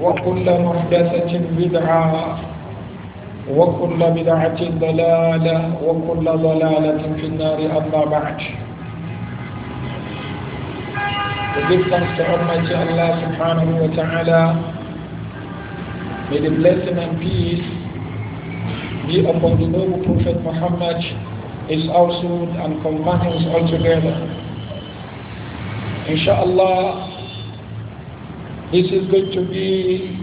وكل محدثة بدعة وكل بدعة ضلالة وكل ضلالة في النار أما بعد We give thanks to Almighty Allah May the blessing and peace be upon the noble Prophet Muhammad, his household and companions altogether. Inshallah, This is going to be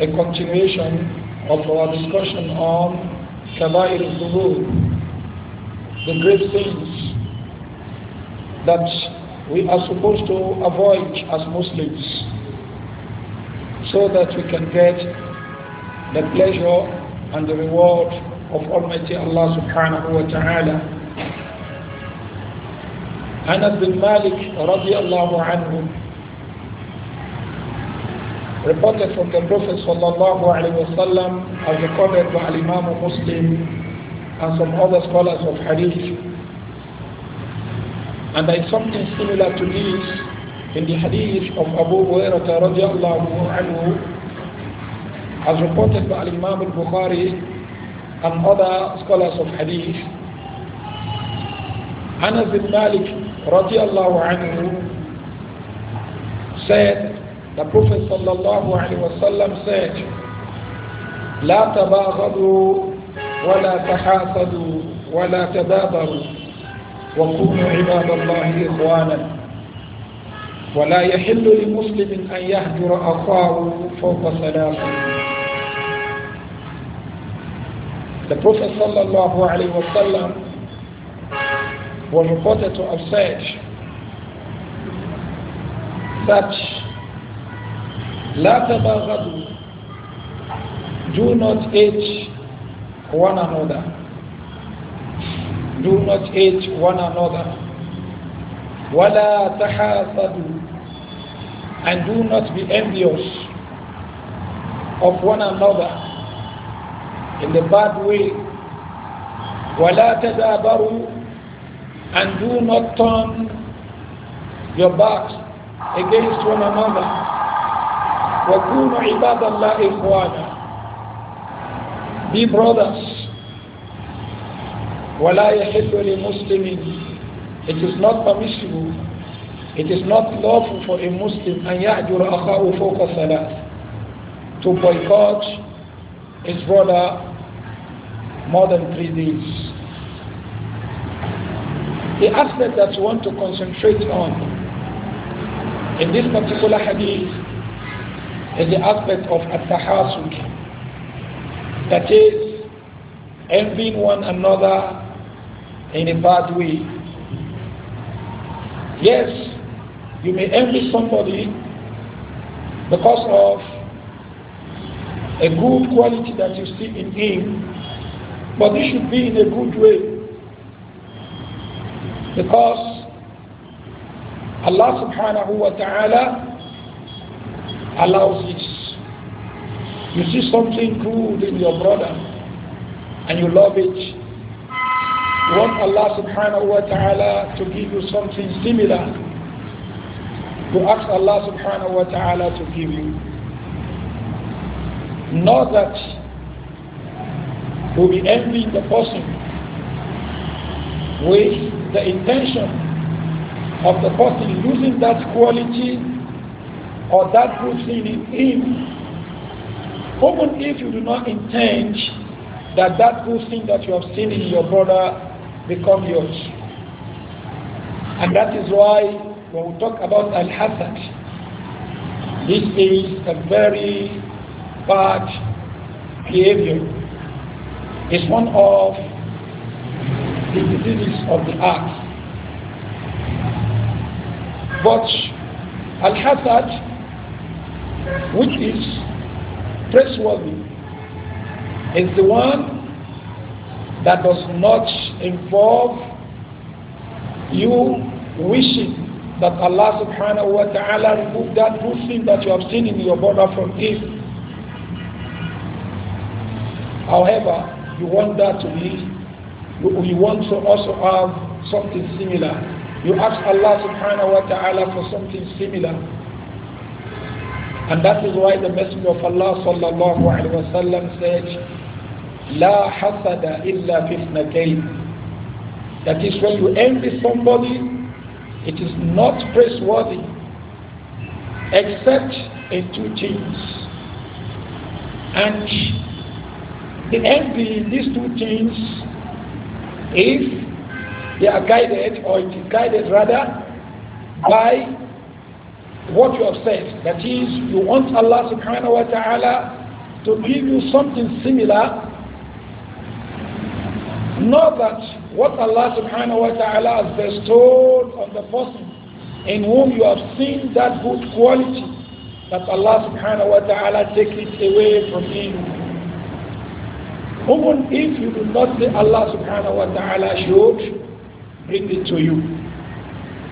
a continuation of our discussion on Kabair al the great things that we are supposed to avoid as Muslims so that we can get the pleasure and the reward of Almighty Allah subhanahu wa ta'ala. Anas bin Malik radiallahu anhu reported from the Prophet sallallahu alaihi wasallam as recorded by Imam Muslim and some other scholars of Hadith. And there is something similar to this in the Hadith of Abu Hurairah radiallahu anhu as reported by Imam al-Bukhari and other scholars of Hadith. Anas bin Malik radiallahu anhu said the Prophet وسلم, said, لا تباغضوا ولا تحاسدوا ولا تدابروا وكونوا عباد الله إخوانا ولا يحل لمسلم أن يهجر أخاه فوق ثلاثة The Prophet صلى الله عليه وسلم was reported to have said that do not hate one another do not hate one another ولا تحاسدوا and do not be envious of one another in the bad way ولا تدابروا and do not turn your backs against one another وَكُونُوا عِبَادَ اللَّهِ إِخْوَانًا Be brothers. وَلَا يَحِلُّ لِمُسْلِمٍ It is not permissible, it is not lawful for a Muslim أَنْ يَحْجُرَ أَخَاهُ فَوْقَ ثَلَاثٍ To boycott his brother more than three days. The aspect that you want to concentrate on in this particular hadith is the aspect of at-tahasud. That is, envying one another in a bad way. Yes, you may envy somebody because of a good quality that you see in him, but this should be in a good way. Because Allah subhanahu wa ta'ala allows it. You see something good in your brother and you love it. You want Allah subhanahu wa ta'ala to give you something similar. You ask Allah subhanahu wa ta'ala to give you. Not that you'll be envying the person with the intention of the person losing that quality or that good thing in him even if you do not intend that that good thing that you have seen in your brother become yours. And that is why when we talk about al-hasad, this is a very bad behavior. It's one of the diseases of the heart. But al-hasad, which is Trustworthy is the one that does not involve you wishing that Allah subhanahu wa ta'ala remove that good thing that you have seen in your brother from him. However, you want that to be, you want to also have something similar. You ask Allah subhanahu wa ta'ala for something similar. And that is why the Messenger of Allah sallallahu alaihi wasallam said, "La hasada illa fitnatayn." That is when you envy somebody, it is not praiseworthy except in two things. And the envy in these two things, if they are guided or it is guided rather by what you have said. That is, you want Allah subhanahu wa ta'ala to give you something similar. Not that what Allah subhanahu wa ta'ala has bestowed on the person in whom you have seen that good quality, that Allah subhanahu wa ta'ala take it away from him. Even if you do not say Allah subhanahu wa ta'ala should bring it to you.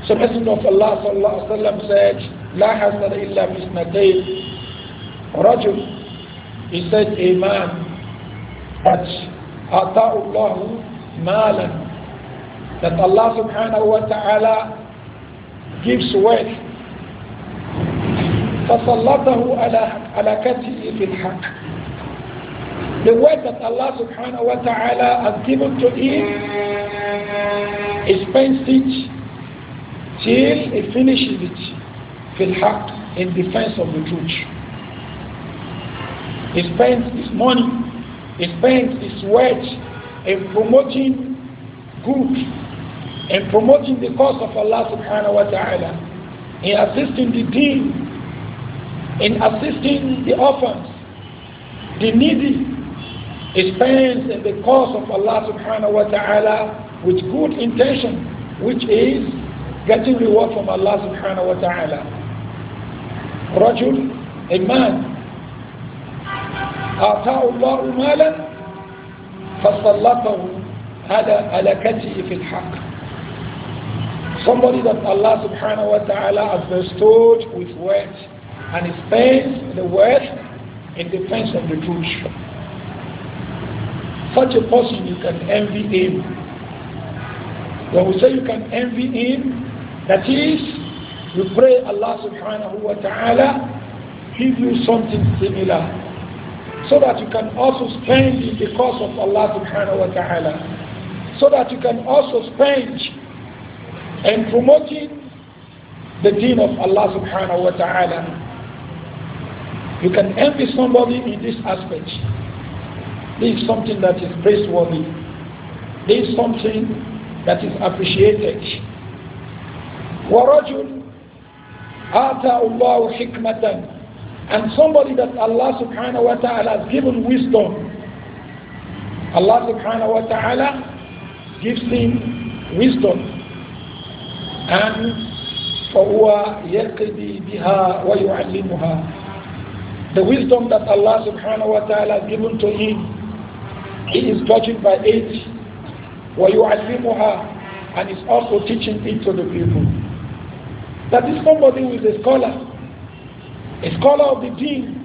So Messenger of Allah sallallahu Alaihi wa said, لا حسد إلا في اثنتين رجل he said a man that أعطاه الله مالا that Allah subhanahu wa ta'ala gives wealth فسلطه على على كتفه في الحق the word that Allah subhanahu wa ta'ala has given to him is spends it till he finishes it. fil haq in defense of the truth. He spends his money, he spends his wealth in promoting good, in promoting the cause of Allah subhanahu wa ta'ala, in assisting the deen, in assisting the orphans, the needy, he spends in the cause of Allah subhanahu wa ta'ala with good intention, which is getting reward from Allah subhanahu wa ta'ala. رجل a man آتاه الله مالا فسلطه على على كتفه في الحق Somebody that Allah subhanahu wa ta'ala has bestowed with wealth and spends the wealth in defense of the truth. Such a person you can envy him. When we say you can envy him, that is you pray Allah subhanahu wa ta'ala give you something similar so that you can also spend in the cause of Allah subhanahu wa ta'ala. So that you can also spend in promoting the deen of Allah subhanahu wa ta'ala. You can envy somebody in this aspect. This is something that is praiseworthy. This is something that is appreciated. وَرَجُلٌ Ata'ullahu حِكْمَةً And somebody that Allah subhanahu wa ta'ala has given wisdom. Allah subhanahu wa ta'ala gives him wisdom. And فهو يَقْدِي بها ويعلمها The wisdom that Allah subhanahu wa ta'ala has given to him, he is judging by age. ويعلمها and is also teaching it to the people. That this somebody who is a scholar, a scholar of the deen.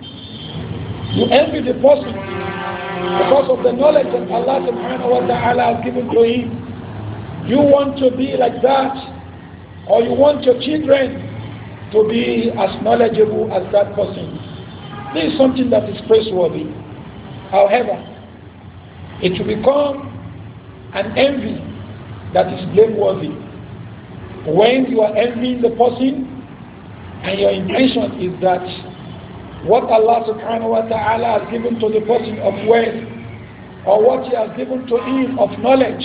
You envy the person because of the knowledge that Allah subhanahu wa ta'ala has given to him. You want to be like that, or you want your children to be as knowledgeable as that person. This is something that is praiseworthy. However, it will become an envy that is blameworthy. When you are envying the person and your intention is that what Allah subhanahu wa ta'ala has given to the person of wealth or what he has given to him of knowledge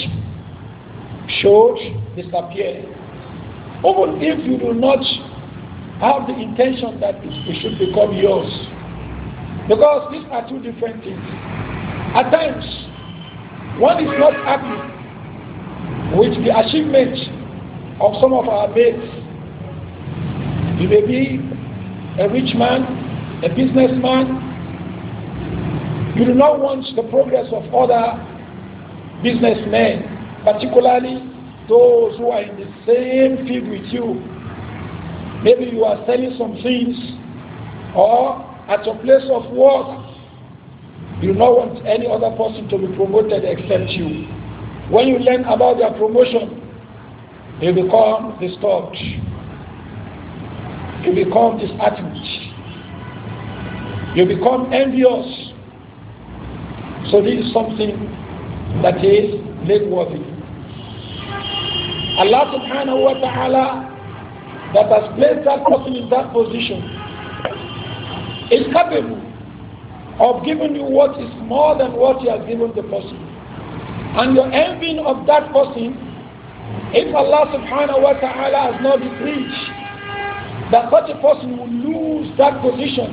should disappear. Even if you do not have the intention that it should become yours. Because these are two different things. At times, one is not happy with the achievement of some of our mates. You may be a rich man, a businessman. You do not want the progress of other businessmen, particularly those who are in the same field with you. Maybe you are selling some things or at your place of work. You do not want any other person to be promoted except you. When you learn about their promotion, you become disturbed. You become disheartened. You become envious. So this is something that is worthy. Allah subhanahu wa ta'ala that has placed that person in that position is capable of giving you what is more than what he has given the person. And your envying of that person if Allah subhanahu wa ta'ala has not decreed that such a person will lose that position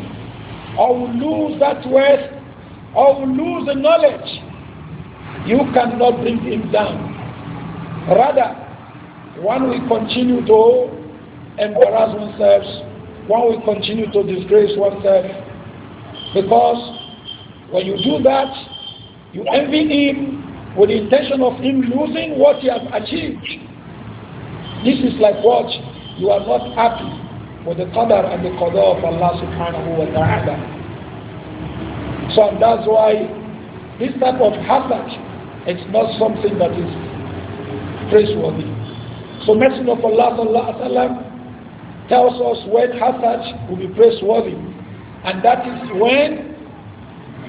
or will lose that wealth or will lose the knowledge, you cannot bring him down. Rather, one will continue to embarrass oneself, one will continue to disgrace oneself because when you do that, you envy him with the intention of him losing what he has achieved. This is like what? You are not happy with the qadar and the qadar of Allah subhanahu wa ta'ala. So that's why this type of hazard it's not something that is praiseworthy. So Messenger of Allah sallallahu alayhi wa sallam tells us when hazard will be praiseworthy. And that is when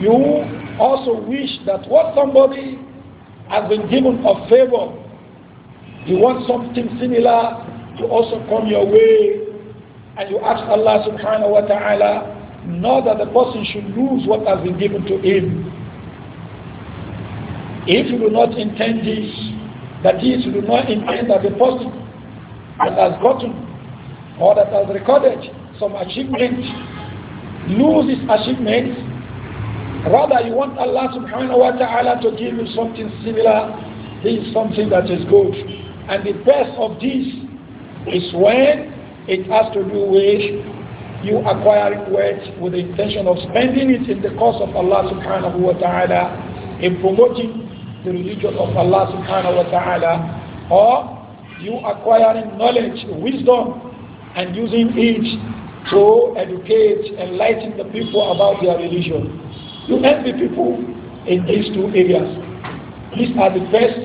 you also wish that what somebody has been given a favor, you want something similar to also come your way, and you ask Allah subhanahu wa ta'ala, not that the person should lose what has been given to him. If you do not intend this, that is, you do not intend that the person that has gotten or that has recorded some achievement lose his achievement, Rather, you want Allah subhanahu wa ta'ala to give you something similar. This is something that is good. And the best of this is when it has to do with you acquiring wealth with the intention of spending it in the cause of Allah subhanahu wa ta'ala, in promoting the religion of Allah subhanahu wa ta'ala, or you acquiring knowledge, wisdom, and using it to educate, enlighten the people about their religion. You help the people in these two areas. These are the best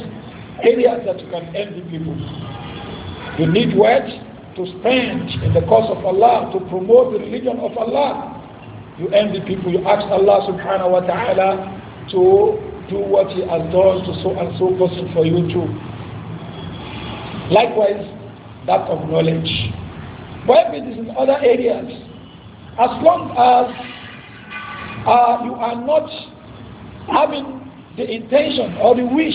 areas that you can help the people. You need wealth to spend in the cause of Allah, to promote the religion of Allah. You help the people, you ask Allah subhanahu wa ta'ala to do what He has done to so and so person for you too. Likewise, that of knowledge. But it is in other areas, as long as uh, you are not having the intention or the wish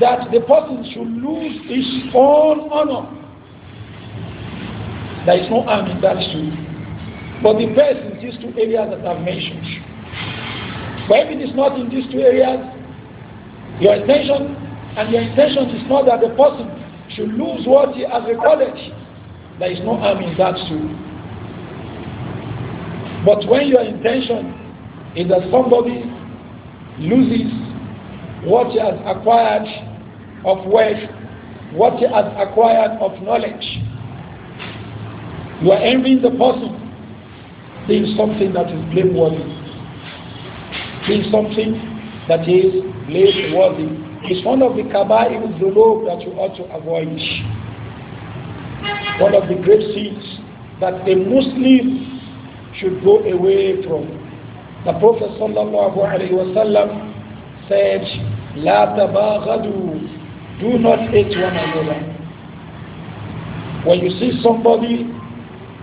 that the person should lose his own honor. There is no harm in that too. But the best in these two areas that I've mentioned. But if it is not in these two areas, your intention and your intention is not that the person should lose what he has recorded. There is no harm in that too. But when your intention is that somebody loses what he has acquired of wealth, what he has acquired of knowledge. You are envying the person doing something that is blameworthy, doing something that is blameworthy. It's one of the kaba'ir dhunub that you ought to avoid. One of the great sins that a Muslim should go away from. The Prophet ﷺ said, La tabaghadu, do not hate one another. When you see somebody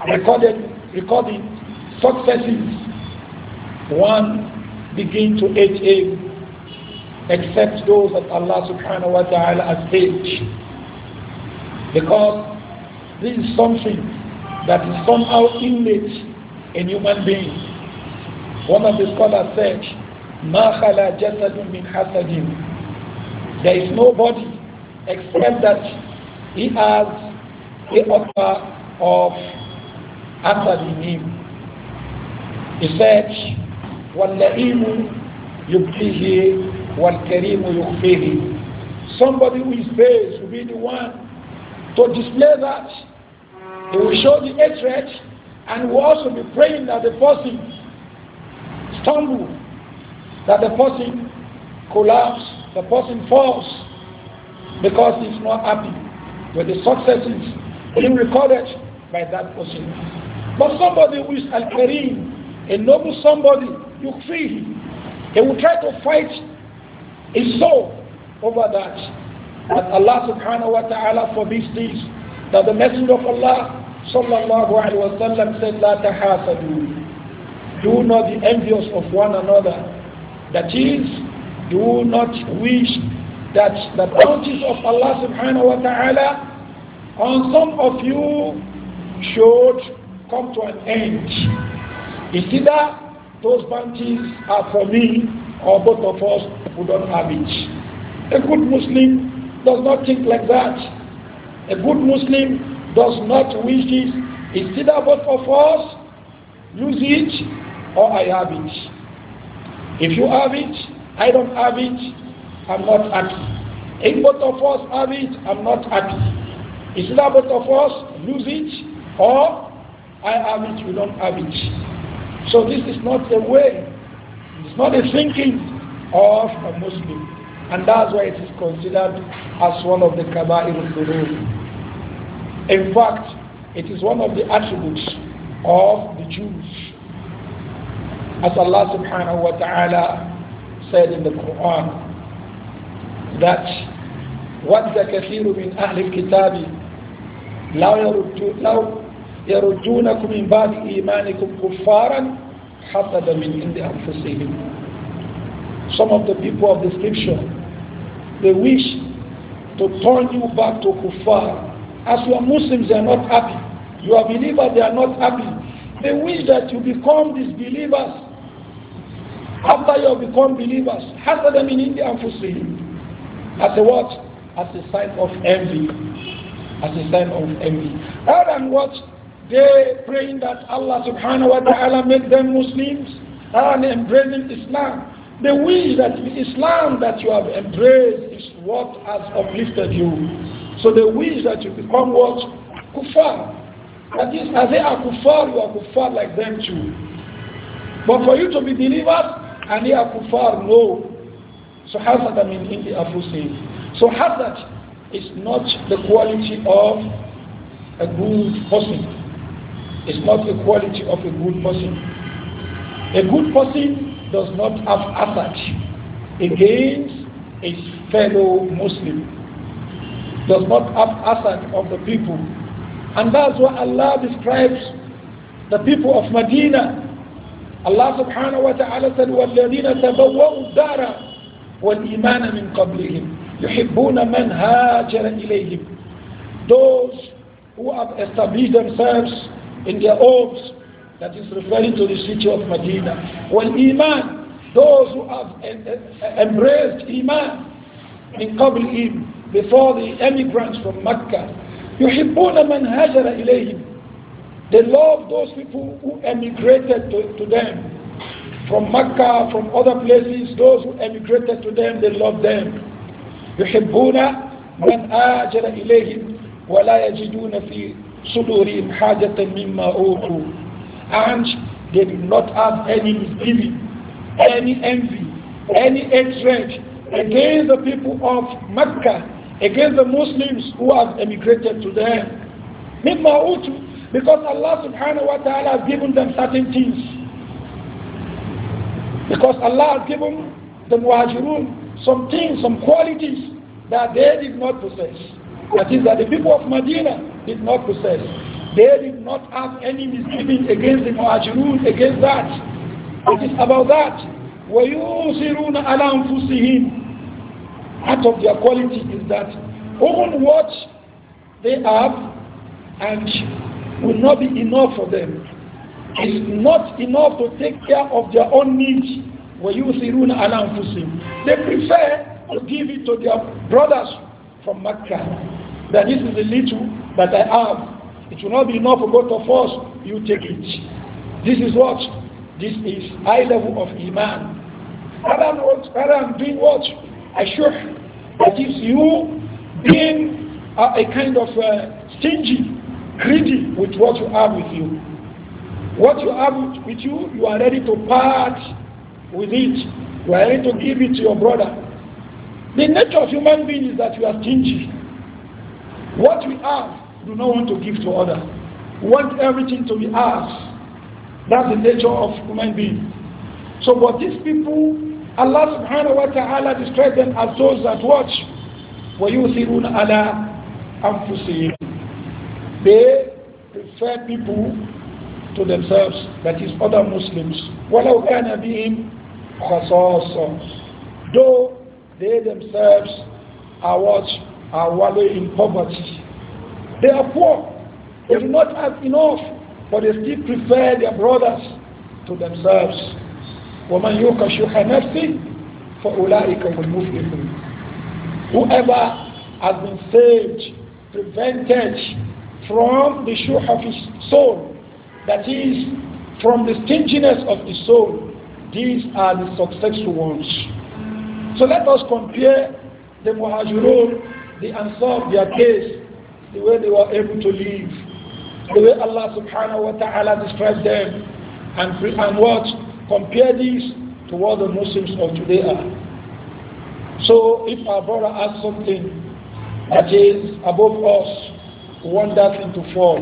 recorded, recording successes, one begin to hate him, except those that Allah subhanahu wa ta'ala has paged. Because this is something that is somehow innate in human beings one of the scholars said, "Ma khala jasadun min hasadin." There is nobody except that he has the offer of hasad in him. He said, "Wal-la'im yubtihi wal-karim yukhfihi." Somebody who is base will be the one to display that. He will show the hatred and will also be praying that the person stumble, that the person collapse, the person falls because he's not happy with the successes being recorded by that person. But somebody who is kareem a noble somebody, you feel he will try to fight his soul over that. But Allah subhanahu wa ta'ala forbids this. That the Messenger of Allah sallallahu alayhi wa sallam said, لا تحاسدوا do not be envious of one another. That is, do not wish that the bounties of Allah subhanahu wa ta'ala on some of you should come to an end. It's either those bounties are for me or both of us who don't have it. A good Muslim does not think like that. A good Muslim does not wish this. It's either both of us use it or I have it. If you have it, I don't have it, I'm not happy. If both of us have it, I'm not happy. It's either both of us lose it or I have it, you don't have it. So this is not a way, it's not a thinking of a Muslim. And that's why it is considered as one of the kaba'ir al In fact, it is one of the attributes of the Jews as Allah subhanahu wa ta'ala said in the Quran that وَدَّ كَثِيرٌ مِنْ أَهْلِ الْكِتَابِ لَوْ يردونكم من بعد إيمانكم كفارا حسدا من عند أنفسهم Some of the people of the scripture, they wish to turn you back to kuffar. As you are Muslims, they are not happy. You are believers, they are not happy. They wish that you become disbelievers. After you have become believers, hasad them in India and Fusihim. As a what? As a sign of envy. As a sign of envy. Rather than what? They praying that Allah subhanahu wa ta'ala make them Muslims and embracing Islam. The wish that Islam that you have embraced is what has uplifted you. So the wish that you become what? Kufar. That is, as they are kufar, you are kufar like them too. But for you to be delivered and they are kufar. No. So hasad I mean in the apostate. So hazard is not the quality of a good person. It's not the quality of a good person. A good person does not have hasad against his fellow Muslim. Does not have hasad of the people. And that's what Allah describes the people of Medina Allah subhanahu wa ta'ala said, وَالَّذِينَ تبووا الدَّارَ وَالْإِيمَانَ مِنْ قَبْلِهِمْ يُحِبُّونَ مَنْ هَاجَرَ إِلَيْهِمْ Those who have established themselves in their homes, that is referring to the city of Medina. وَالْإِيمَانِ Those who have embraced Iman in قَبْلِهِمْ before the emigrants from Mecca. يُحِبُّونَ مَنْ هَاجَرَ إِلَيْهِمْ they love those people who emigrated to, to them. From Mecca, from other places, those who emigrated to them, they love them. يحبون من آجر إليهم ولا يجدون في صدورهم حاجة مما أوتوا and they do not have any misgiving, any envy, any hatred against the people of Mecca, against the Muslims who have emigrated to them. مما أوتوا because Allah subhanahu wa ta'ala has given them certain things. Because Allah has given the muhajirun some things, some qualities that they did not possess. That is that the people of Medina did not possess. They did not have any misgiving against the muhajirun, against that. It is about that. وَيُوسِرُونَ عَلَى أَنفُسِهِمْ Part of their quality is that even what they have and will not be enough for them. It's not enough to take care of their own needs. They prefer to give it to their brothers from Mecca. That this is the little that I have. It will not be enough for both of us. You take it. This is what? This is high level of Iman. Rather I'm doing what? I sure that is you being a, a kind of uh, stingy greedy with what you have with you. What you have with you, you are ready to part with it. You are ready to give it to your brother. The nature of human beings is that you are stingy. What we have, do not want to give to others. Want everything to be ours. That's the nature of human beings. So what these people, Allah subhanahu wa ta'ala describes them as those that watch. وَيُثِرُونَ عَلَىٰ أَنفُسِهِمْ they prefer people to themselves, that is other Muslims. وَلَوْ كَانَ بِهِمْ خَصَاصًا Though they themselves are what? Are wallowing in poverty. They are poor. They do not have enough, but they still prefer their brothers to themselves. وَمَنْ يُوكَ شُحَ نَفْسِهِ فَأُولَٰئِكَ الْمُفْلِحُونَ Whoever has been saved, prevented from the shuh of his soul, that is, from the stinginess of his soul. These are the successful ones. So let us compare the muhajirun, the ansar, their case, the way they were able to live, the way Allah subhanahu wa ta'ala described them, and, and what? Compare this to what the Muslims of today are. So if our brother has something that is above us, want that into form. fall.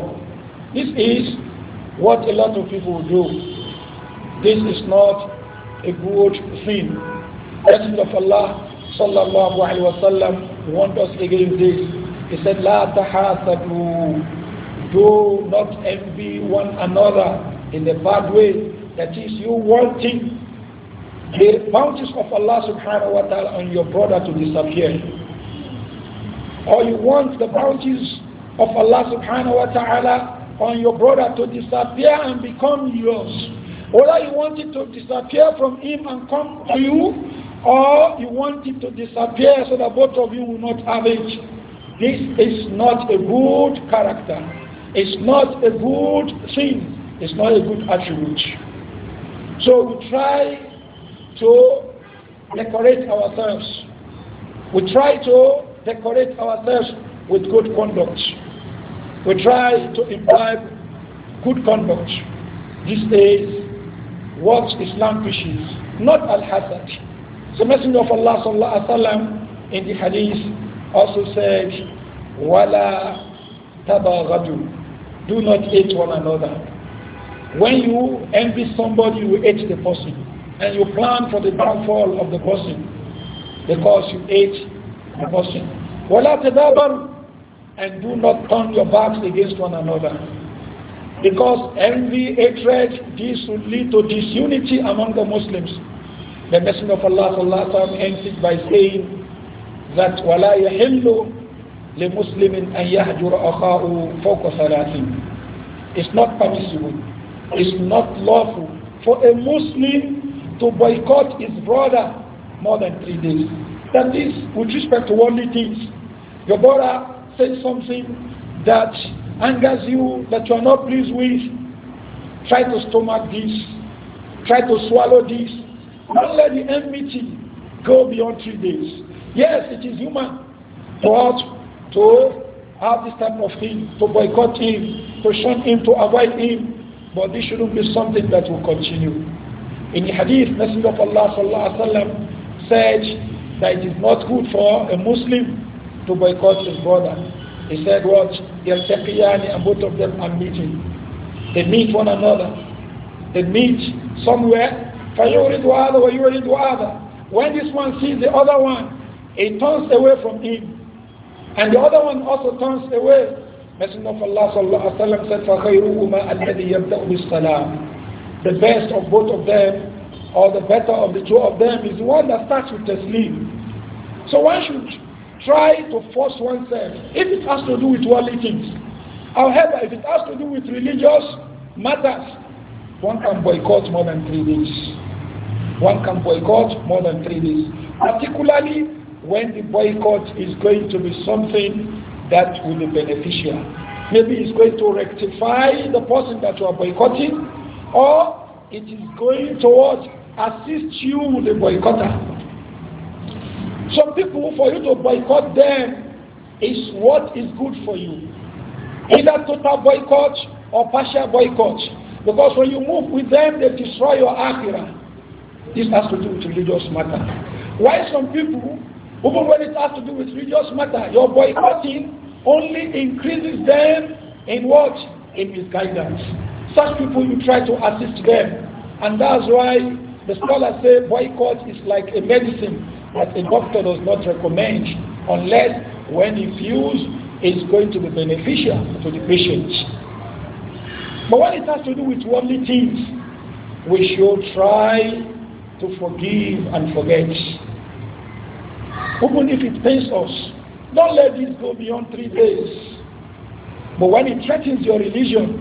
This is what a lot of people do. This is not a good thing. Messenger of Allah sallallahu alaihi wasallam warned us against this. He said, of tahasadu." Do not envy one another in a bad way. That is, you wanting the bounties of Allah subhanahu wa ta'ala on your brother to disappear. Or you want the bounties of Allah subhanahu wa ta'ala on your brother to disappear and become yours. Whether you want it to disappear from him and come to you, or you want it to disappear so that both of you will not have it. This is not a good character. It's not a good thing. It's not a good attribute. So we try to decorate ourselves. We try to decorate ourselves with good conduct. We try to imply good conduct. This is what Islam preaches, not al-hasad. The Messenger of Allah sallallahu alaihi wasallam in the hadith also said, "Wala tabaghadu, do not hate one another." When you envy somebody, you hate the person, and you plan for the downfall of the person because you hate the person. "Wala tadabar, and do not turn your backs against one another. Because envy, hatred, this would lead to disunity among the Muslims. The Messenger of Allah sallallahu ends it by saying that وَلَا يَحِلُّ لِمُسْلِمٍ أَنْ يَهْجُرَ أَخَاهُ فَوْقَ ثَلَاثٍ It's not permissible. It's not lawful for a Muslim to boycott his brother more than three days. That is with respect to worldly things. Your brother Say something that angers you, that you are not pleased with, try to stomach this, try to swallow this. Don't let the enmity go beyond three days. Yes, it is human for us to have this type of thing, to boycott him, to shun him, to avoid him. But this shouldn't be something that will continue. In the hadith, Messenger of Allah said that it is not good for a Muslim to boycott his brother. He said, What? Yaltaqiyani, and both of them are meeting. They meet one another. They meet somewhere. When this one sees the other one, he turns away from him. And the other one also turns away. Messenger of Allah sallallahu alaihi wasallam said, The best of both of them, or the better of the two of them, is the one that starts with the sleep. So why should try to force oneself if it has to do with worldly things. However, if it has to do with religious matters, one can boycott more than three days. One can boycott more than three days, particularly when the boycott is going to be something that will be beneficial. Maybe it's going to rectify the person that you are boycotting, or it is going towards assist you with the boycotter people, for you to boycott them is what is good for you. Either total boycott or partial boycott. Because when you move with them, they destroy your akira. This has to do with religious matter. Why some people, even when it has to do with religious matter, your boycotting only increases them in what? In misguidance. Such people, you try to assist them. And that's why the scholars say boycott is like a medicine that a doctor does not recommend unless when its used is going to be beneficial to the patient. But when it has to do with worldly things, we should try to forgive and forget. Even if it pains us, don't let this go beyond three days. But when it threatens your religion,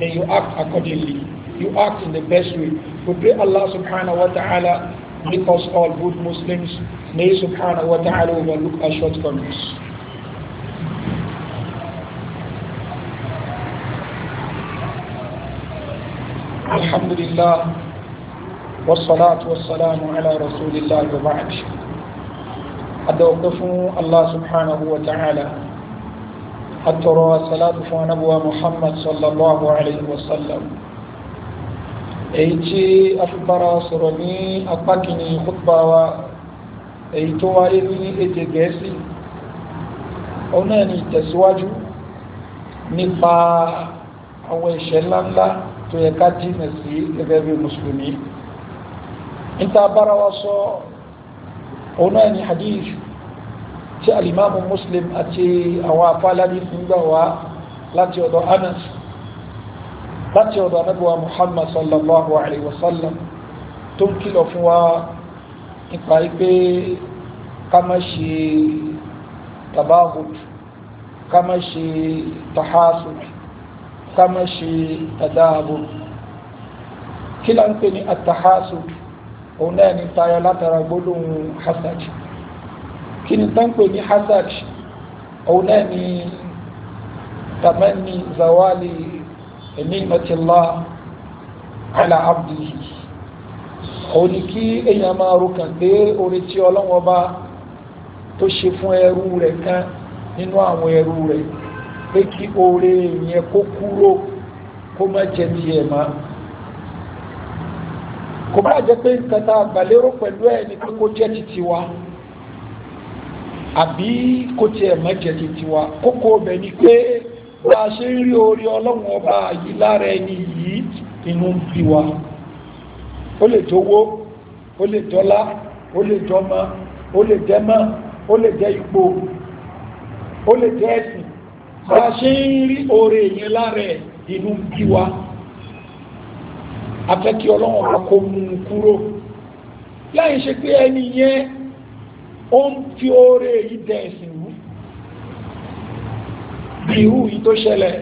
then you act accordingly. You act in the best way. We pray Allah subhanahu wa ta'ala make us all good Muslims. May subhanahu wa ta'ala overlook our shortcomings. الحمد لله والصلاة والسلام على رسول الله وبعد أدوقف الله سبحانه وتعالى أترى صلاة فنبوى محمد صلى الله عليه وسلم èyí tí a fi bára sọ̀rọ̀ ní apá kìíní khutba wa èyí tó wáyé ní èdè gẹ̀ẹ́sì ó náà ní ìtẹ̀síwájú nípa àwọn ìṣẹ́ ńláńlá tó yẹ ká jìnà sí gẹ́gẹ́ bí mùsùlùmí níta bára wa sọ ó náà ní hadith tí alimamu muslim àti àwọn afáàlá ní fún gbà láti ọ̀dọ̀ anas láti ọ̀dọ̀ anábíwá muhammad sallallahu alayhi wa sallam tó ń kìlọ̀ fún wa nípa pé ká má ṣe tabahud ká má ṣe tahasud ká má ṣe tadaabur kí ń pè ní atahasud òun náà ní tayọ látara gbólóhùn hasad kí ni tán pè ní hasad òun náà ní tamani zawali نعمة الله على عبده òun ni kí èèyàn máa rúkàn pé orí tí ọlọ́wọ́n bá tó ṣe fún ẹrú rẹ̀ kan nínú àwọn ẹrú rẹ̀ pé kí oore yẹn kó kúrò kó má jẹ tiẹ̀ má kò bá jẹ́ pé nǹkan tá a gbàlérò pẹ̀lú ẹ̀ ni pé kó jẹ́ ti tiwa àbí kó tiẹ̀ má jẹ́ ti tiwa kókó ọbẹ̀ ni pé bá ṣe ń rí orí ọlọ́run ọba yìí lára ẹni yìí inú ń bí wa ó lè jówó ó lè jọlá ó lè jọmọ ó lè jẹmọ́ ó lè jẹ ipò ó lè jẹ ẹ̀sìn bá ṣe ń rí orí yẹn lára inú bí wa afẹ́kí ọlọ́run ọba kó mú un kúrò láì ṣe pé ẹni yẹn ó ń fi oore yìí dẹ̀ ẹ̀sìn bí irú yìí tó ṣẹlẹ̀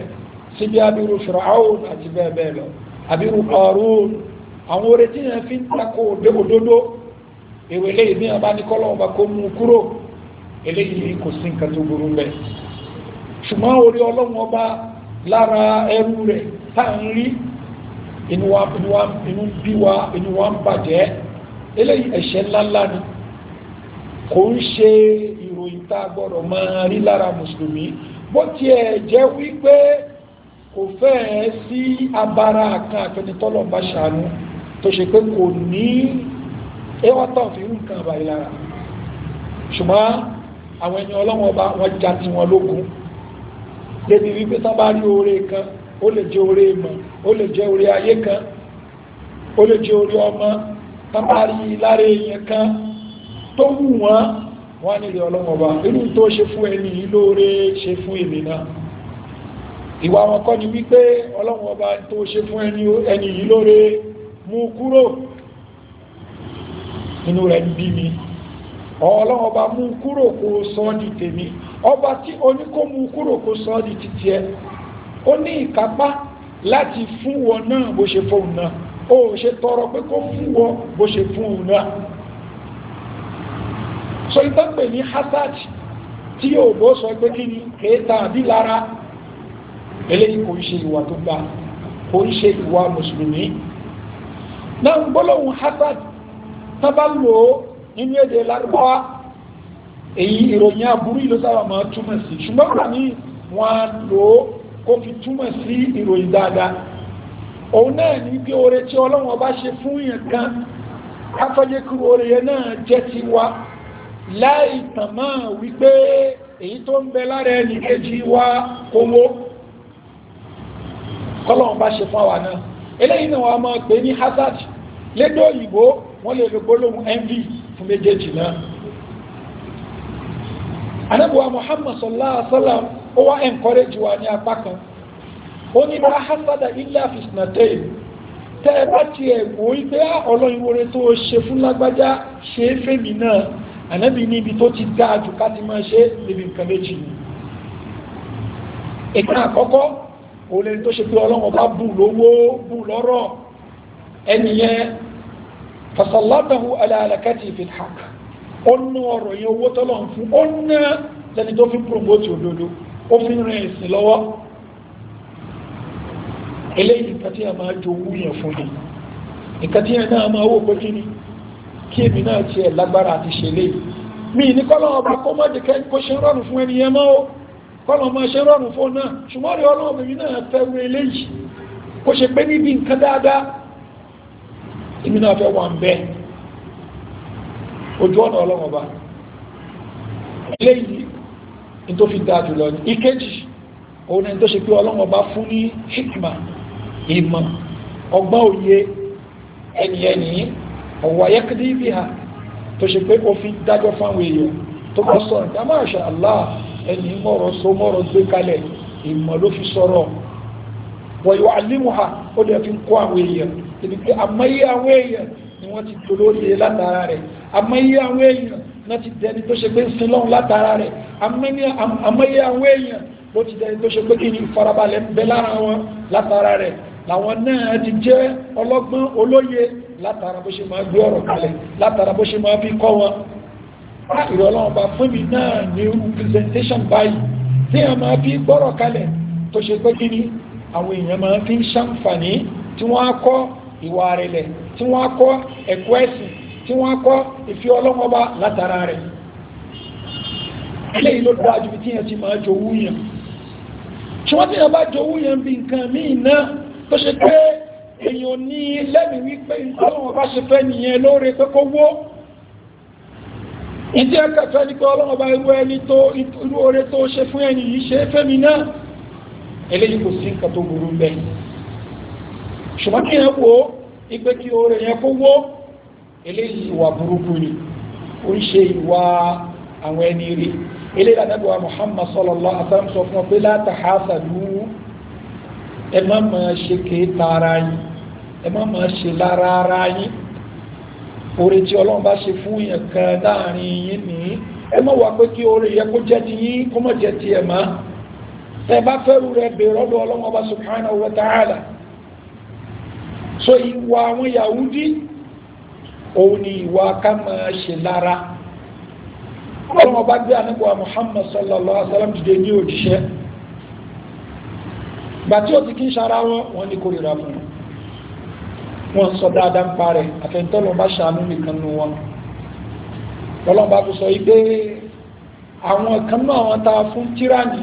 síbi abiru firaun àti bẹ́ẹ̀ bẹ́ẹ̀ lọ abiru qarun àwọn oore tí yẹn fi ń takò òdodo èrò eléyìí bí wọn bá ní kọ́lọ́ ọba kó mú kúrò eléyìí kò sí nǹkan tó burú bẹ́ẹ̀ ṣùgbọ́n orí ọlọ́run ọba lára ẹrú rẹ̀ tá ń rí inú bí wa inú wa ń bàjẹ́ eléyìí ẹ̀ṣẹ̀ ńláńlá ni kò ń ṣe ìròyìn tá a gbọ́dọ̀ máa rí lára mùsùlùmí bó tiẹ̀ jẹ́ wípé kò fẹ́ẹ̀ sí abara kan àfẹnitọ́lọ̀ bá ṣàánú tó ṣe pé kò ní ẹwàtọ̀ fi ń kan àbáyé lára ṣùgbọ́n àwọn ẹni ọlọ́wọ́ bá wọ́n já ti wọn lókun débi wípé tán bá rí oore kan ó lè jẹ́ oore ìmọ̀ ó lè jẹ́ oore ayé kan ó lè jẹ́ oore ọmọ tán bá rí lára èèyàn kan tó wù wọ́n wọ́n nílé ọlọ́mọba inú tó ṣe fún ẹni lóore ṣe fún èmi náà ìwà wọn kọ́ ni wípé ọlọ́mọba tó ṣe fún ẹni yìí mú kúrò inú rẹ̀ ń bí mi ọlọ́mọba mú kúrò kó sọ di tèmi ọba tí oníkó mú kúrò kó sọ di títí ẹ ó ní ìkápá láti fún wọn náà bó ṣe fóun náà ó ṣe tọrọ pé kó fún wọn bó ṣe fún òun náà so ìtọ́pẹ̀ ní hasad tí yóò bó sọ pé kí ni kẹta àbí lára eléyìí kò ń ṣe ìwà tó gbà kò ń ṣe ìwà mùsùlùmí náà gbólóhùn hasad tó bá lò ó nínú èdè lárúbáwá èyí ìròyìn aburú ìlú sábà máa túmọ̀ sí ṣùgbọ́n wà ní wọn lò ó kó fi túmọ̀ sí ìròyìn dáadáa òun náà ní bí oore tí ọlọ́run ọba ṣe fún yẹn kan afẹ́jẹ́kú oore yẹn náà jẹ́ ti wa láì tàmà wípé èyí tó ń bẹ lára ẹni kejì wá kówó fún àwà náà eléyìí náà wọ́n ní hazard lédè òyìnbó wọ́n lè lo envy fún méjèèjì náà anábùwà Muhammad sallallahu wa ní apá kan ó ní bá ilé ti ah, tó ṣe fún lágbájá ṣe ànábì ní ibi tó ti dáa jù ká ti máa ṣe níbi nǹkan méjì ni ìpín àkọ́kọ́ òun lẹni tó ṣe pé ọlọ́run bá bù lówó bù lọ́rọ̀ ẹnìyẹn fasalatahu alalakati fithak ó ná ọ̀rọ̀ yẹn owó tọ́lọ̀ ń fún ó ná lẹni tó fi promote òdodo ó fi rìn ìsìn lọ́wọ́ eléyìí nǹkan tí a máa jowú yẹn fún ni nǹkan tí a náà máa wò pé kí ni kí èmi náà tiẹ̀ lágbára àti ṣẹlẹ̀ mi ní kọ́lọ̀ ọba kó mọ́ jẹ́ kó ṣe rọrùn fún ẹni yẹn mọ́ ó kọ́lọ̀ mọ́ ṣe rọrùn fún náà ṣùgbọ́n rí ọlọ́run mi náà fẹ́rù eléyìí kó ṣe pé níbi nǹkan dáadáa èmi náà fẹ́ wà ń bẹ́ ojú ọ̀nà ọlọ́run ọba eléyìí ní tó fi dáa jùlọ ní ìkejì òun ẹni tó ṣe pé ọlọ́run ọba fún ní hikma ìmọ̀ ọgbọ́n òye ẹni ẹni ọ̀wọ̀ ayẹ́kìdí bí ha tó ṣe pé ó fi dájọ́ fáwọn èèyàn tó bá sọ ìdá máa ṣe Allah ẹni mọ̀rọ̀ so mọ̀rọ̀ gbé kalẹ̀ ìmọ̀ ló fi sọ̀rọ̀ wọ̀yọ̀ alimu ha ó dẹ̀ fi ń àwọn èèyàn ibi pé àmọ́yé àwọn èèyàn ni wọ́n ti dolórí látara rẹ̀ àmọ́yé àwọn èèyàn náà ti dẹni tó ṣe pé ń sin lọ́hùn látara rẹ̀ àmọ́yé àwọn èèyàn ló ti dẹni tó ṣe pé kí ni ìfarabalẹ̀ ń bẹ lára wọn látara rẹ̀ làwọn náà ti jẹ́ ọlọ́gbọ́n olóye látara bó ṣe máa gbé ọ̀rọ̀ kalẹ̀ látara bó ṣe máa fi kọ́ wọn ìrọ̀ bá fún mi náà ní presentation báyìí tí a máa fi gbọ́rọ̀ kalẹ̀ tó ṣe pé kíní àwọn èèyàn máa fi ń ṣàǹfààní tí wọ́n á kọ́ ìwà rẹ̀lẹ̀ tí wọ́n á kọ́ ẹ̀kọ́ ẹ̀sìn tí wọ́n á kọ́ ìfi ọlọ́run ọba látara rẹ̀ eléyìí ló dáa tí yẹn ti máa jowú yẹn ṣùgbọ́n tí yẹn bá jowú yẹn bí nǹkan míì náà tó ṣe pé èyàn ní lẹ́mìí wípé ọlọ́wọ́n bá ṣe fẹ́ nìyẹn lóore pé kó wó ìdí ẹ̀kẹ̀fẹ́ ní pé ọlọ́wọ́n bá ewu ẹni tó irú oore tó ṣe fún ẹni yìí ṣe fẹ́mi náà eléyìí kò sí nǹkan tó burú bẹ́ẹ̀ ṣùgbọ́n kí ẹ wo igbe kí oore yẹn kó wó eléyìí ìwà burúkú ni ó ń ṣe ìwà àwọn ẹni rí eléyìí àdábọ̀wá Muhammad sallallahu alaihi wasallam sọ fún ọ pé látàhásà lúú ẹ má máa ṣe kéèta ara yín ẹ má máa ṣe lára ara yín oore tí ọlọ́run bá ṣe fún yẹn kan láàrin yín nìyí ẹ má wà pé kí oore yẹ kó jẹ́ ti yín kó má jẹ́ ti ẹ̀ má tẹ bá fẹ́rù rẹ bèrè ọdọ ọlọ́run ọba subhanahu wa ta'ala so ìwà àwọn yahudi òun ni ìwà ká máa ṣe lára ọlọ́run ọba gbé àníkò Muhammad sallallahu alaihi wa sallam dìde ní òjíṣẹ́ gbà tí ó ti kí ń ṣara wọn wọ́n ní kórìíra fún wọn sọ dáadáa ń parẹ́ àfẹ́ntọ́lọ́ bá ṣàánú nìkan nu wọn lọ́lọ́ba fi sọ wípé àwọn kan náà wọn ta fún tíránì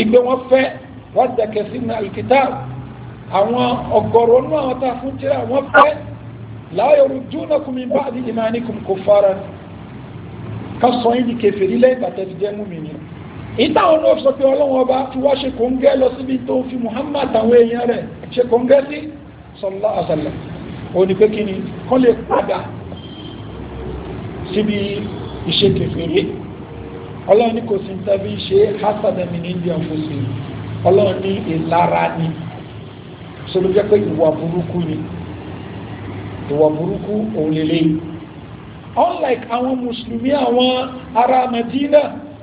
ìgbé wọn fẹ́ wọ́n dẹ̀kẹ̀ sínú alkitabu àwọn ọ̀gọ̀rọ̀ náà wọn ta fún tíránì wọ́n fẹ́ láyọrù dúnàkùn mi bá di ìmáníkùn kò fara ká sọ yìí di kẹfẹ́ nílẹ̀ ìbàtẹ́ ti ìtàwọn náà sọ pé ọlọ́wọ́n ọba fi wá ṣe kòǹgẹ́ lọ síbi tó fi Muhammad àwọn èèyàn rẹ̀ ṣe kòǹgẹ́ sí sọlá àṣàlẹ̀ ó ní pé kí ni kọ́ lè padà síbi ìṣe kẹfẹ́rẹ́ ọlọ́run ní kò sí ń tẹ́bí ṣe hasadami ní indian unlike àwọn mùsùlùmí àwọn ará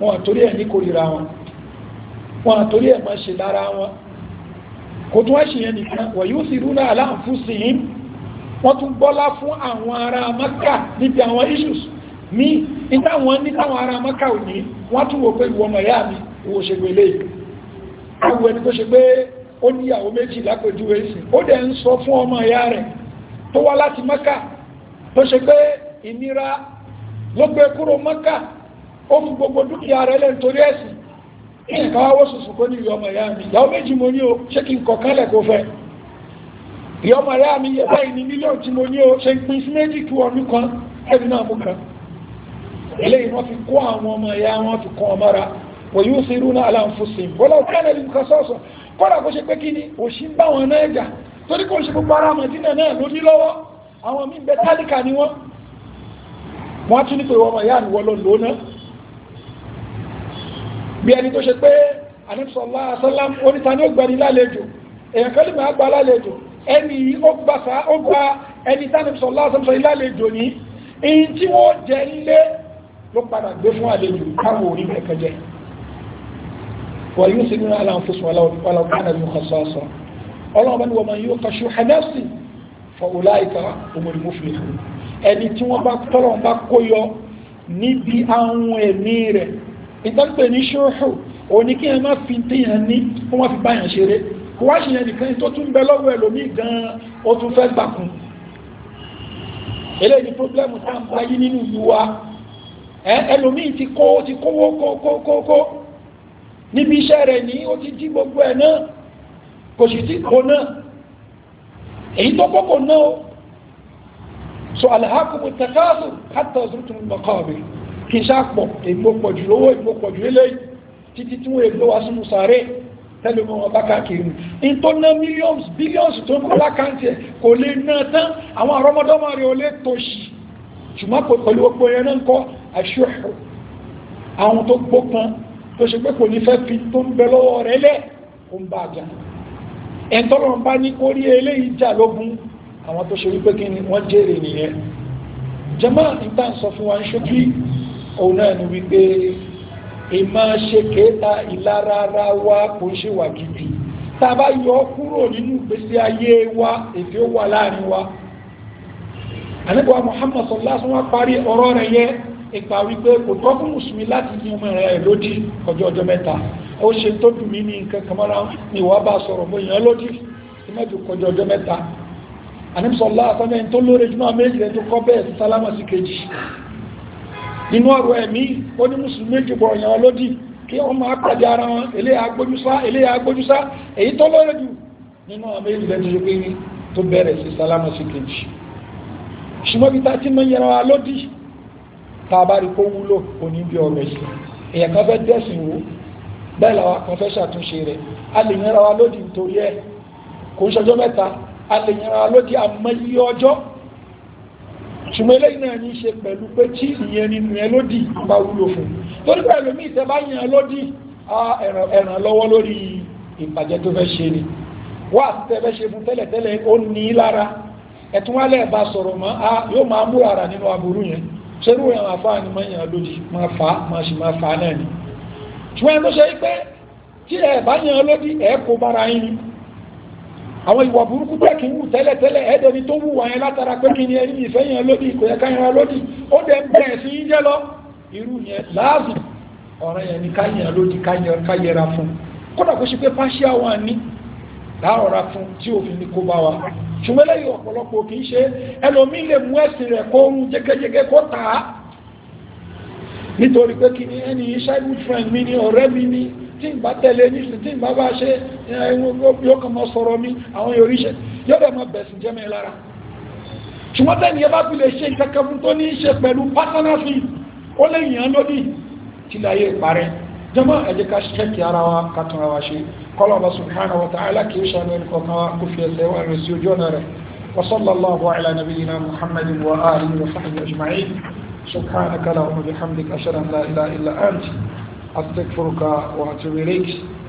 wọn àtórí ẹ̀ ní kórìíra wọn wọn àtórí ẹ̀ máa ṣe lára wọn kò tún wá ṣe yẹn nìkan wọ̀ yóò sì rúnà aláàfún sí i wọ́n tún gbọ́lá fún àwọn ará Mẹ́kà níbi àwọn issues ní nígbà wọn ní táwọn ará maka ò ní wọ́n tún wò pé ìwọ ọmọ ìyá mi ìwò ṣègbèlè ìwò ẹni tó ṣe pé ó ní ìyàwó méjì lápèjúwe sí ó dẹ̀ ń sọ fún ọmọ ìyá rẹ̀ tó wá láti Mẹ́kà tó ṣe pé ìnira ló gbé kúrò Mẹ́kà ó fún gbogbo dúkìá rẹ̀ lẹ́n torí ẹ̀sìn ẹ̀kan wá wọ́sùsù kó ní ìyọmọ ìyá mi ìyàwó méjì mo ní o ṣé kí n kọ̀ kálẹ̀ kó fẹ́ ìyọmọ ìyá mi yẹ báyìí ní mílíọ̀n tí mo ní o ṣe ń pín sí méjì tú ọdún kan ẹbí náà mú kan eléyìí wọ́n fi kó àwọn ọmọ ìyá wọn fi kọ́ ọmọ wọ́n yóò ṣe irú aláǹfọ̀sìn bọ́lá òkèlè ní nǹkan sọ́ọ̀sọ̀ ni òṣì ń bá wọn náà jà torí kò ṣe ni wọ́n wọ́n á bí ẹni tó ṣe pé anẹ́sọ̀lá asọ́lám oníta ní ó gbẹ̀ni lálejò èyàn kan lè máa gba lálejò ẹni ó gba ẹni tánẹ́sọ̀lá asọ́lá lálejò ní in tí wọ́n jẹ nílé ló padà gbé fún àlejò káwọn orí mẹ́kẹ́ jẹ wọ́n yóò sì nínú aláǹfóṣùn aláwọ̀kánà ló kọ́ sọ́ọ̀sọ́ ọlọ́ọ̀bá ni wọ́n máa yóò kọ́ṣù hanẹ́sì fọ̀ọ́lá ìka níbi àwọn ẹ̀mí rẹ̀ ìtàgbẹ̀ ní ṣóòhù òní kí ẹ má fi tíyàn ní kó wọ́n fi báyàn ṣeré kó wá ṣìyàn nìkan tó tún bẹ lọ́wọ́ ẹlòmí gan ó tún fẹ́ gbàkún eléyìí ni pọ́blẹ́mù tá ń báyí nínú ìlú wa ẹlòmí ti kó ti kówó kókókó níbi iṣẹ́ rẹ̀ ní ó ti jí gbogbo ẹ̀ náà kò sì tí kò náà èyí tó kókò náà so alhakumu takasu hatta zurtumul maqabir kí n ṣàpọ̀ èpo pọ̀jù lówó èpo pọ̀jù ilé títí tí wọ́n èpo wá sínú sàárè tẹ́lẹ̀ mọ́ wọn káàkiri in tó ná millions billions tó ń kọ́ lákàntì ẹ̀ kò lè ná tán àwọn àrọ́mọdọ́mọ rẹ̀ ò lè tòṣì ṣùgbọ́n pẹ̀lú gbogbo ẹ̀yẹn náà ń kọ́ àṣùhù àwọn tó gbókan tó ṣe pé kò ní fẹ́ fi ń bẹ lọ́wọ́ rẹ̀ ń ṣe kí òun náà ni wípé ìmọ̀ ṣe kéta wa kò ń ṣe wà gidi tá a bá yọ ọ́ kúrò nínú ìgbésí ayé wa ètò ó wà láàrin wa àníbọ̀ Muhammad sọ̀lá sún wá parí ọ̀rọ̀ rẹ̀ yẹ ipa wípé kò tọ́ fún mùsùlùmí láti ní ọmọ rẹ̀ lódì ọjọ́ ọjọ́ mẹ́ta ó ṣe tó dùn mí ní nǹkan kan mọ́ra ní wàá bá sọ̀rọ̀ mọ́ èèyàn lódì sí mẹ́jọ kọjọ ọjọ́ mẹ́ta àníbọ̀ sọ̀lá sọ́nà tó lóore jùmọ̀ méjì rẹ̀ tó kọ́ bẹ́ẹ̀ sí sálámà sí kejì nínú ọ̀rọ̀ ẹ̀mí ó ní mùsùlùmí jùbọ̀ ọ̀yàn lódì kí wọ́n máa pàdé ara wọn eléyà agbójúsá eléyà agbójúsá èyí tó lọ́rọ̀ jù nínú àmì ìlẹ̀ tó ṣe pé tó bẹ̀rẹ̀ sí sálámà sí kejì wa lódì tá a bá rí kó wúlò òní bí ọ̀rọ̀ ṣùgbọ́n eléyìí náà ní ṣe pẹ̀lú pé tí ìyẹn nínú ẹ lódì bá wúlò fún torí pé ẹlòmí ìtẹ́bá yẹn lódì ẹ̀ràn lọ́wọ́ lórí ìbàjẹ́ tó fẹ́ ṣe ni wá àtẹ́fẹ́ ṣe fún tẹ́lẹ̀tẹ́lẹ̀ ó ní lára ẹ̀tún wálẹ̀ bá sọ̀rọ̀ mọ́ a yóò máa mú ara nínú aburú yẹn ṣerú yẹn máa fà ní mọ́yìn lódì máa fà máa ṣì máa fà náà ni ṣùgbọ́n tó ṣe pé tí ẹ̀ bá yẹn àwọn ìwà burúkú pẹ́ kí ń wù tẹ́lẹ̀tẹ́lẹ̀ ẹ́dẹ̀ni tó wù wáyẹn látara pé kí ni ẹni ìfẹ́ yẹn lódì kò yẹ káyẹn lódì ó dẹ̀ ń bẹ̀rẹ̀ sí yíjẹ́ lọ irú yẹn láàbù ọ̀rọ̀ yẹn ni káyẹn lódì káyẹra fún kódà kó ṣe pé partial one ní láàrọ̀ra fún tí òfin ní kó bá wa ṣùgbọ́n tí n bá tẹ̀lé ní ṣe tí n bá bá ṣe yóò kàn mọ́ sọ̀rọ̀ mi àwọn yóò ríṣẹ́ yóò dẹ̀ mọ́ bẹ̀sìn jẹ́ mi lára ṣùgbọ́n tẹ́ni ẹbá fi lè ṣe kankan fún tó ní ṣe pẹ̀lú pátánásì ó lè yàn lódì tí láyé parẹ́ jọmọ́ ẹ̀jẹ̀ ká ṣẹ́kì ara wa kàtàrà wa ṣe kọlọ̀bà subhanahu wa ta'ala kìí ṣàlẹ̀ nìkọ̀ọ̀kan wa kò fi ẹsẹ̀ wa rẹ̀ sí وصلى الله على نبينا محمد وآله وصحبه أجمعين سبحانك لا إله إلا أنت أستغفرك وأتوب إليك